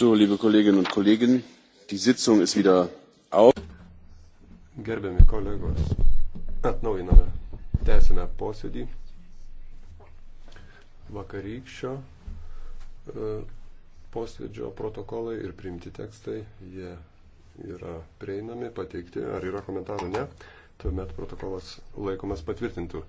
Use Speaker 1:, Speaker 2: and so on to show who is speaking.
Speaker 1: So, liebe Kolleginnen und Kollegen, die Sitzung ist wieder auf.
Speaker 2: Gerbiami kolegos, atnaujiname, tęsime posėdį vakarykščio e, posėdžio protokolai ir priimti tekstai, jie yra prieinami, pateikti, ar yra komentarų ne, tuomet protokolas laikomas patvirtintų.